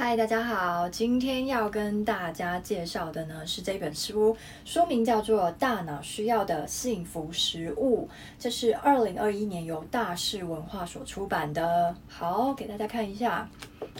嗨，Hi, 大家好，今天要跟大家介紹的呢是這本書，書名叫做《大腦需要的幸福食物》，這是二零二一年由大是文化所出版的。好，給大家看一下。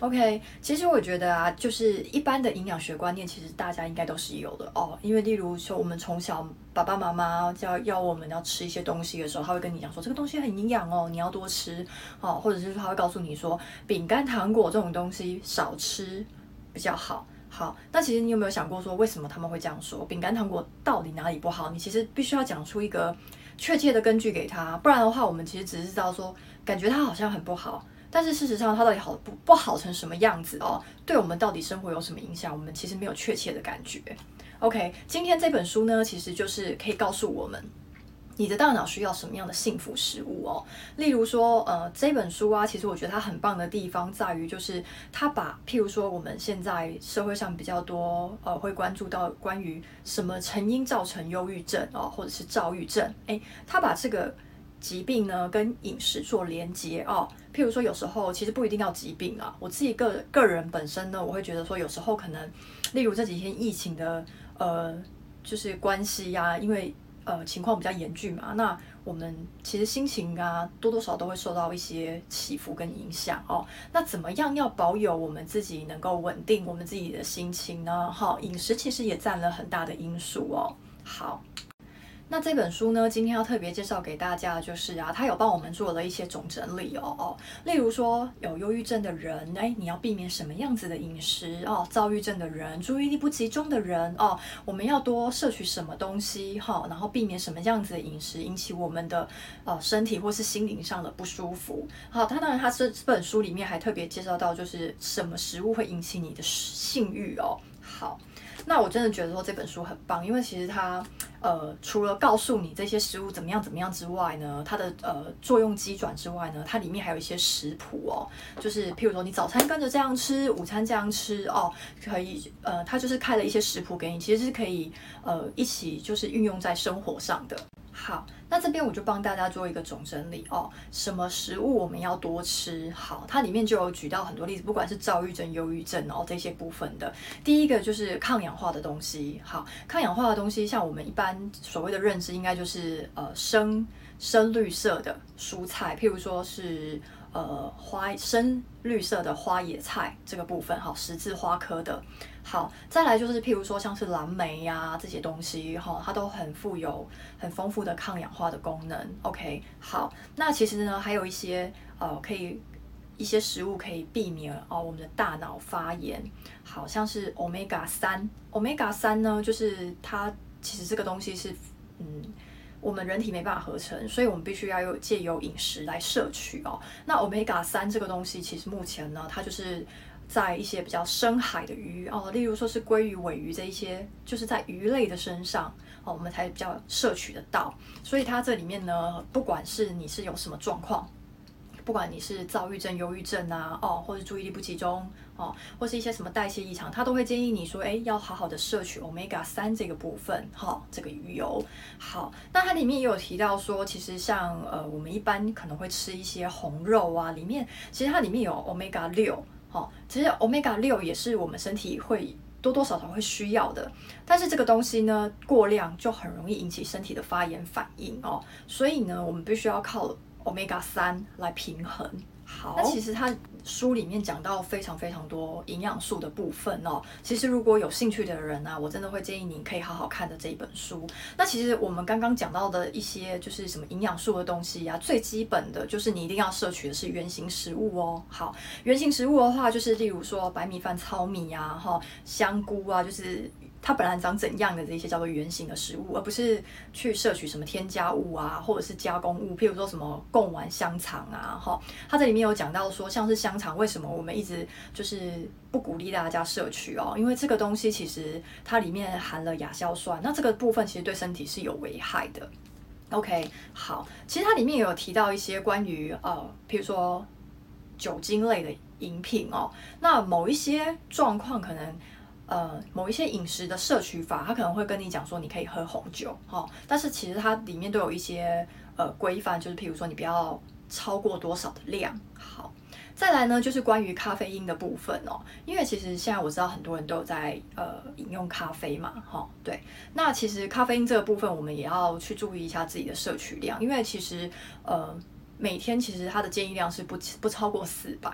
OK，其實我覺得啊，就是一般的營養學觀念，其實大家應該都是有的哦。因為例如說，我們從小爸爸媽媽叫要，要我們要吃一些東西的時候，他會跟你講說這個東西很營養哦，你要多吃哦，或者是他會告訴你說餅乾糖果這種東西少吃比較好。好，那其實你有沒有想過說為什麼他們會這樣說？餅乾糖果到底哪裡不好？你其實必須要講出一個確切的根據給他，不然的話，我們其實只是知道說感覺它好像很不好。但是事實上，它到底好不不好成什麼樣子哦？對我們到底生活有什麼影響？我們其實沒有確切的感覺。OK，今天這本書呢，其實就是可以告訴我們，你的大腦需要什麼樣的幸福食物哦。例如說，呃，這本書啊，其實我覺得它很棒的地方在於，就是它把譬如說我們現在社會上比較多呃會關注到關於什麼成因造成憂鬱症哦、呃，或者是躁鬱症，誒，它把這個。疾病呢，跟飲食做連接哦。譬如說，有時候其實不一定要疾病啊。我自己個個人本身呢，我會覺得說，有時候可能，例如這幾天疫情的呃，就是關係呀、啊，因為呃情況比較嚴峻嘛，那我們其實心情啊，多多少少都會受到一些起伏跟影響哦。那怎麼樣要保有我們自己能夠穩定我們自己的心情呢？哈、哦，飲食其實也佔了很大的因素哦。好。那這本書呢，今天要特別介紹給大家，就是啊，他有幫我們做了一些總整理哦哦，例如說有憂鬱症的人，誒、欸，你要避免什麼樣子的飲食哦；躁鬱症的人，注意力不集中的人哦，我們要多攝取什麼東西哈、哦，然後避免什麼樣子的飲食引起我們的呃身體或是心靈上的不舒服。好、哦，他當然他這這本書裡面還特別介紹到，就是什麼食物會引起你的性慾哦。好，那我真的覺得說這本書很棒，因為其實它。呃，除了告訴你這些食物怎麼樣怎麼樣之外呢，它的呃作用機轉之外呢，它裡面還有一些食譜哦，就是譬如說你早餐跟着這樣吃，午餐這樣吃哦，可以呃，它就是開了一些食譜給你，其實是可以呃一起就是運用在生活上的。好，那這邊我就幫大家做一個總整理哦。什麼食物我們要多吃？好，它裡面就有舉到很多例子，不管是躁鬱症、憂鬱症哦，這些部分的。第一個就是抗氧化的東西，好，抗氧化的東西，像我們一般所謂的認知，應該就是呃深深綠色的蔬菜，譬如說是呃花深綠色的花椰菜這個部分，好，十字花科的。好，再來就是譬如說像是藍莓呀、啊、這些東西哈、哦，它都很富有很豐富的抗氧化的功能。OK，好，那其實呢還有一些呃可以一些食物可以避免哦我們的大腦發炎，好像是 3, Omega 三。Omega 三呢就是它其實這個東西是嗯我們人體沒辦法合成，所以我們必須要借由飲食來攝取哦。那 Omega 三這個東西其實目前呢它就是。在一些比較深海的魚哦，例如說是鮭魚、鮪魚這一些，就是在魚類的身上哦，我們才比較攝取得到。所以它這裡面呢，不管是你是有什麼狀況，不管你是躁鬱症、憂鬱症啊，哦，或者注意力不集中哦，或是一些什麼代謝異常，它都會建議你說，哎、欸，要好好的攝取 omega 三這個部分哈、哦，這個魚油。好，那它裡面也有提到說，其實像呃，我們一般可能會吃一些紅肉啊，裡面其實它裡面有 omega 六。哦，其實，omega 6也是我們身體會多多少少會需要的，但是這個東西呢，過量就很容易引起身體的發炎反應哦，所以呢，我們必須要靠 omega 3來平衡。好，那其實他書裡面講到非常非常多營養素的部分哦。其實如果有興趣的人啊，我真的會建議你可以好好看的這一本書。那其實我們剛剛講到的一些就是什麼營養素的東西呀，最基本的就是你一定要攝取的是原型食物哦。好，原型食物的話就是例如說白米飯、糙米呀，哈，香菇啊，就是。它本來長怎樣的這些叫做原型的食物，而不是去攝取什麼添加物啊，或者是加工物，譬如說什麼貢丸香腸啊，哈，它這裡面有講到說，像是香腸為什麼我們一直就是不鼓勵大家攝取哦，因為這個東西其實它裡面含了亞硝酸，那這個部分其實對身體是有危害的。OK，好，其實它裡面有提到一些關於呃，譬如說酒精類的飲品哦，那某一些狀況可能。呃，某一些飲食的攝取法，它可能會跟你講說，你可以喝紅酒，哈、哦，但是其實它裡面都有一些呃規範，就是譬如說你不要超過多少的量，好，再來呢，就是關於咖啡因的部分哦，因為其實現在我知道很多人都有在呃飲用咖啡嘛，哈、哦，對，那其實咖啡因這個部分，我們也要去注意一下自己的攝取量，因為其實呃每天其實它的建議量是不不超過四百，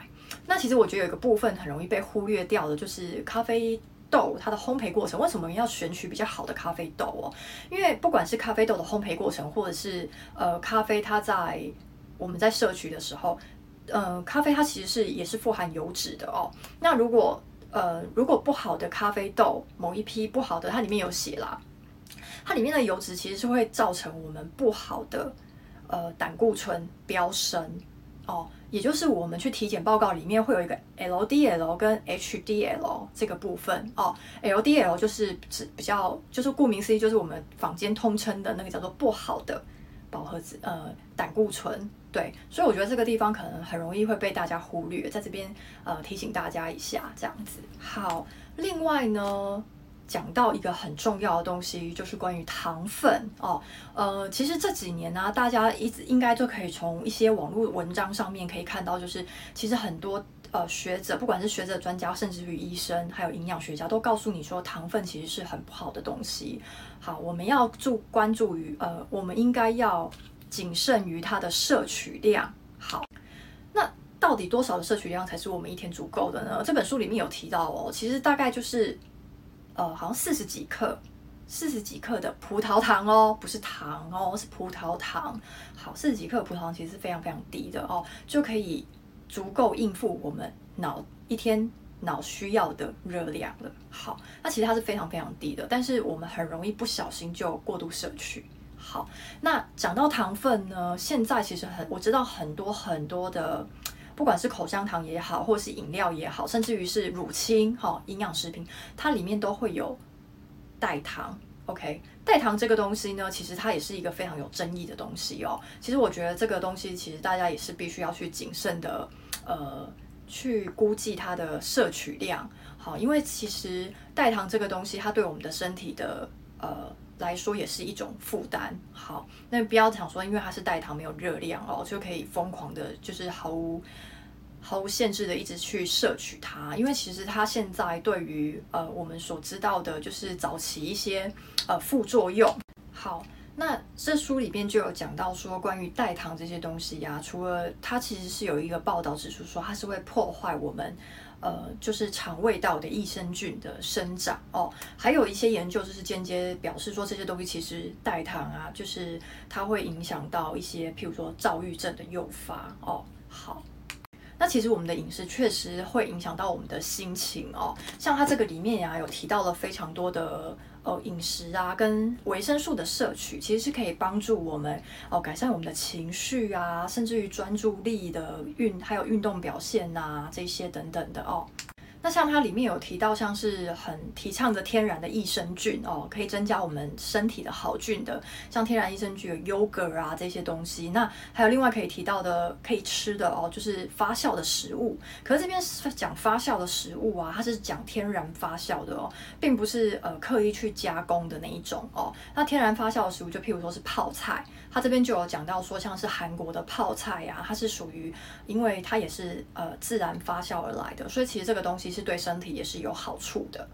那其實我覺得有一個部分很容易被忽略掉的，就是咖啡。豆它的烘焙過程，為什麼要選取比較好的咖啡豆哦？因為不管是咖啡豆的烘焙過程，或者是呃咖啡它在我們在攝取的時候，呃咖啡它其實是也是富含油脂的哦。那如果呃如果不好的咖啡豆，某一批不好的，它裡面有寫啦，它裡面的油脂其實是會造成我們不好的呃膽固醇飆升。哦，也就是我們去體檢報告裡面會有一個 LDL 跟 HDL 這個部分哦，LDL 就是指比較，就是顧名思義，就是我們坊間通稱的那個叫做不好的飽和脂呃膽固醇，對，所以我覺得這個地方可能很容易會被大家忽略，在這邊呃提醒大家一下，這樣子。好，另外呢，講到一個很重要的東西，就是關於糖分哦。呃，其實這幾年呢、啊，大家一直應該就可以從一些網絡文章上面可以看到，就是其實很多呃學者，不管是學者、專家，甚至於醫生，還有營養學家，都告訴你說，糖分其實是很不好的東西。好，我們要注關注於呃，我們應該要謹慎於它的攝取量。好，那到底多少的攝取量才是我們一天足夠的呢？這本書裡面有提到哦，其實大概就是。呃，好像四十幾克，四十幾克的葡萄糖哦，不是糖哦，是葡萄糖。好，四十幾克的葡萄糖其實是非常非常低的哦，就可以足夠應付我們腦一天腦需要的熱量了。好，那其實它是非常非常低的，但是我們很容易不小心就過度攝取。好，那講到糖分呢，現在其實很，我知道很多很多的。不管是口香糖也好，或是飲料也好，甚至於是乳清哈、哦、營養食品，它裡面都會有代糖。OK，代糖這個東西呢，其實它也是一個非常有爭議的東西哦。其實我覺得這個東西其實大家也是必須要去謹慎的，呃，去估計它的攝取量。好、哦，因為其實代糖這個東西，它對我們的身體的呃。來說也是一種負擔。好，那不要想說，因為它是代糖，沒有熱量哦，就可以瘋狂的，就是毫無毫無限制的一直去攝取它。因為其實它現在對於呃我們所知道的，就是早期一些呃副作用。好，那這書裡面就有講到說，關於代糖這些東西呀、啊，除了它其實是有一個報道指出說它是會破壞我們。呃，就是腸胃道的益生菌的生長哦，還有一些研究就是間接表示說這些東西其實代糖啊，就是它會影響到一些譬如說躁鬱症的誘發哦。好，那其實我們的飲食確實會影響到我們的心情哦，像它這個裡面呀、啊，有提到了非常多的。哦，飲食啊，跟維生素的攝取，其實是可以幫助我們哦，改善我們的情緒啊，甚至於專注力的運，還有運動表現吶、啊，這些等等的哦。那像它裡面有提到，像是很提倡的天然的益生菌哦，可以增加我們身體的好菌的，像天然益生菌有 yogurt 啊，這些東西。那還有另外可以提到的可以吃的哦，就是發酵的食物。可是這邊是講發酵的食物啊，它是講天然發酵的哦，並不是呃刻意去加工的那一種哦。那天然發酵的食物，就譬如說是泡菜。他這邊就有講到說，像是韓國的泡菜呀、啊，它是屬於，因為它也是呃自然發酵而來的，所以其實這個東西是對身體也是有好處的。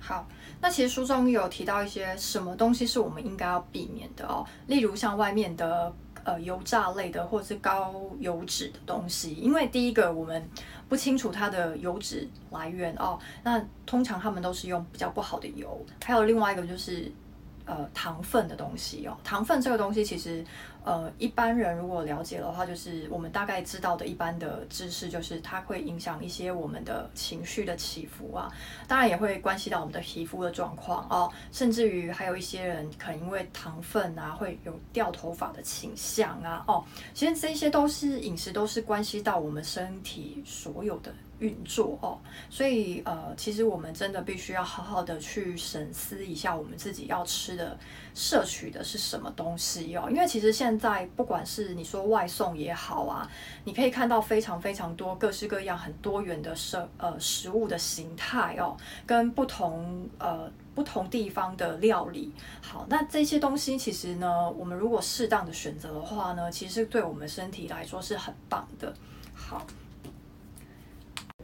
好，那其實書中有提到一些什麼東西是我們應該要避免的哦，例如像外面的呃油炸類的或者是高油脂的東西，因為第一個我們不清楚它的油脂來源哦，那通常他們都是用比較不好的油，還有另外一個就是。呃，糖分的東西哦，糖分這個東西其實，呃，一般人如果了解的話，就是我們大概知道的一般的知識，就是它會影響一些我們的情緒的起伏啊，當然也會關係到我們的皮膚的狀況哦，甚至於還有一些人可能因為糖分啊，會有掉頭髮的傾向啊，哦，其實這些都是飲食都是關係到我們身體所有的運作哦，所以呃，其實我們真的必須要好好的去審視一下我們自己要吃。的攝取的是什麼東西哦？因為其實現在不管是你說外送也好啊，你可以看到非常非常多各式各樣很多元的食呃食物的形態哦，跟不同呃不同地方的料理。好，那這些東西其實呢，我們如果適當的選擇的話呢，其實對我們身體來說是很棒的。好，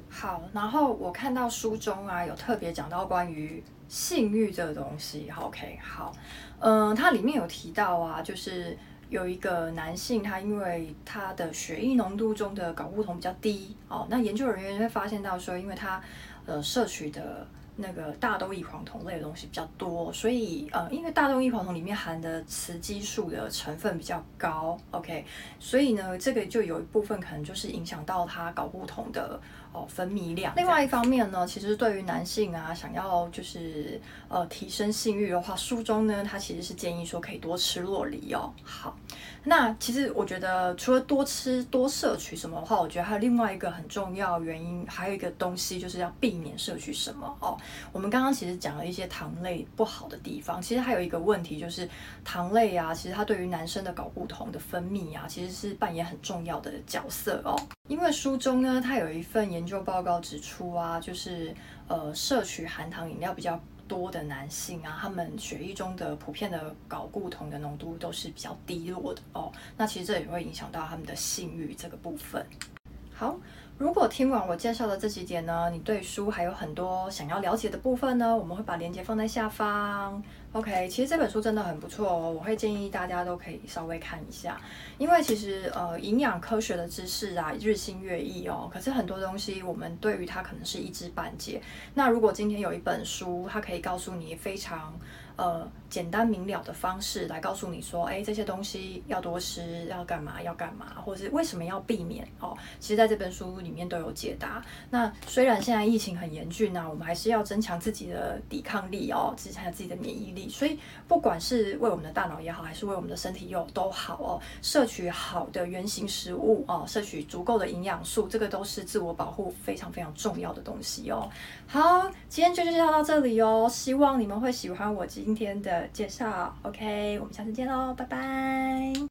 好，然後我看到書中啊，有特別講到關於。性慾這個東西好，OK，好，嗯，它裡面有提到啊，就是有一個男性，他因為他的血液濃度中的睾固酮比較低哦，那研究人員會發現到說，因為他呃攝取的那個大豆異黃酮類的東西比較多，所以呃，因為大豆異黃酮裡面含的雌激素的成分比較高，OK，所以呢，這個就有一部分可能就是影響到他睾固酮的。哦，分泌量。另外一方面呢，其實對於男性啊，想要就是呃提升性慾的話，書中呢他其實是建議說可以多吃酪梨哦。好，那其實我覺得除了多吃多攝取什麼的話，我覺得還有另外一個很重要原因，還有一個東西就是要避免攝取什麼哦。我們剛剛其實講了一些糖類不好的地方，其實還有一個問題就是糖類啊，其實它對於男生的睾固酮的分泌啊，其實是扮演很重要的角色哦。因為書中呢，它有一份研研究報告指出啊，就是呃，攝取含糖飲料比較多的男性啊，他們血液中的普遍的睾固酮的濃度都是比較低落的哦。那其實這也會影響到他們的性欲這個部分。好，如果聽完我介紹的這幾點呢，你對書還有很多想要了解的部分呢，我們會把鏈接放在下方。OK，其實這本書真的很不錯哦，我會建議大家都可以稍微看一下，因為其實呃營養科學的知識啊，日新月異哦，可是很多東西我們對於它可能是一知半解，那如果今天有一本書，它可以告訴你非常。呃，簡單明了的方式來告訴你說，哎、欸，這些東西要多吃，要幹嘛，要幹嘛，或是為什麼要避免哦，其實在這本書裡面都有解答。那雖然現在疫情很嚴峻吶、啊，我們還是要增強自己的抵抗力哦，增強自己的免疫力。所以，不管是為我們的大腦也好，還是為我們的身體又都好哦，攝取好的原型食物哦，攝取足夠的營養素，這個都是自我保護非常非常重要的東西哦。好，今天就介紹到這裡哦，希望你們會喜歡我今。今天的介紹，OK，我們下次見嘍，拜拜。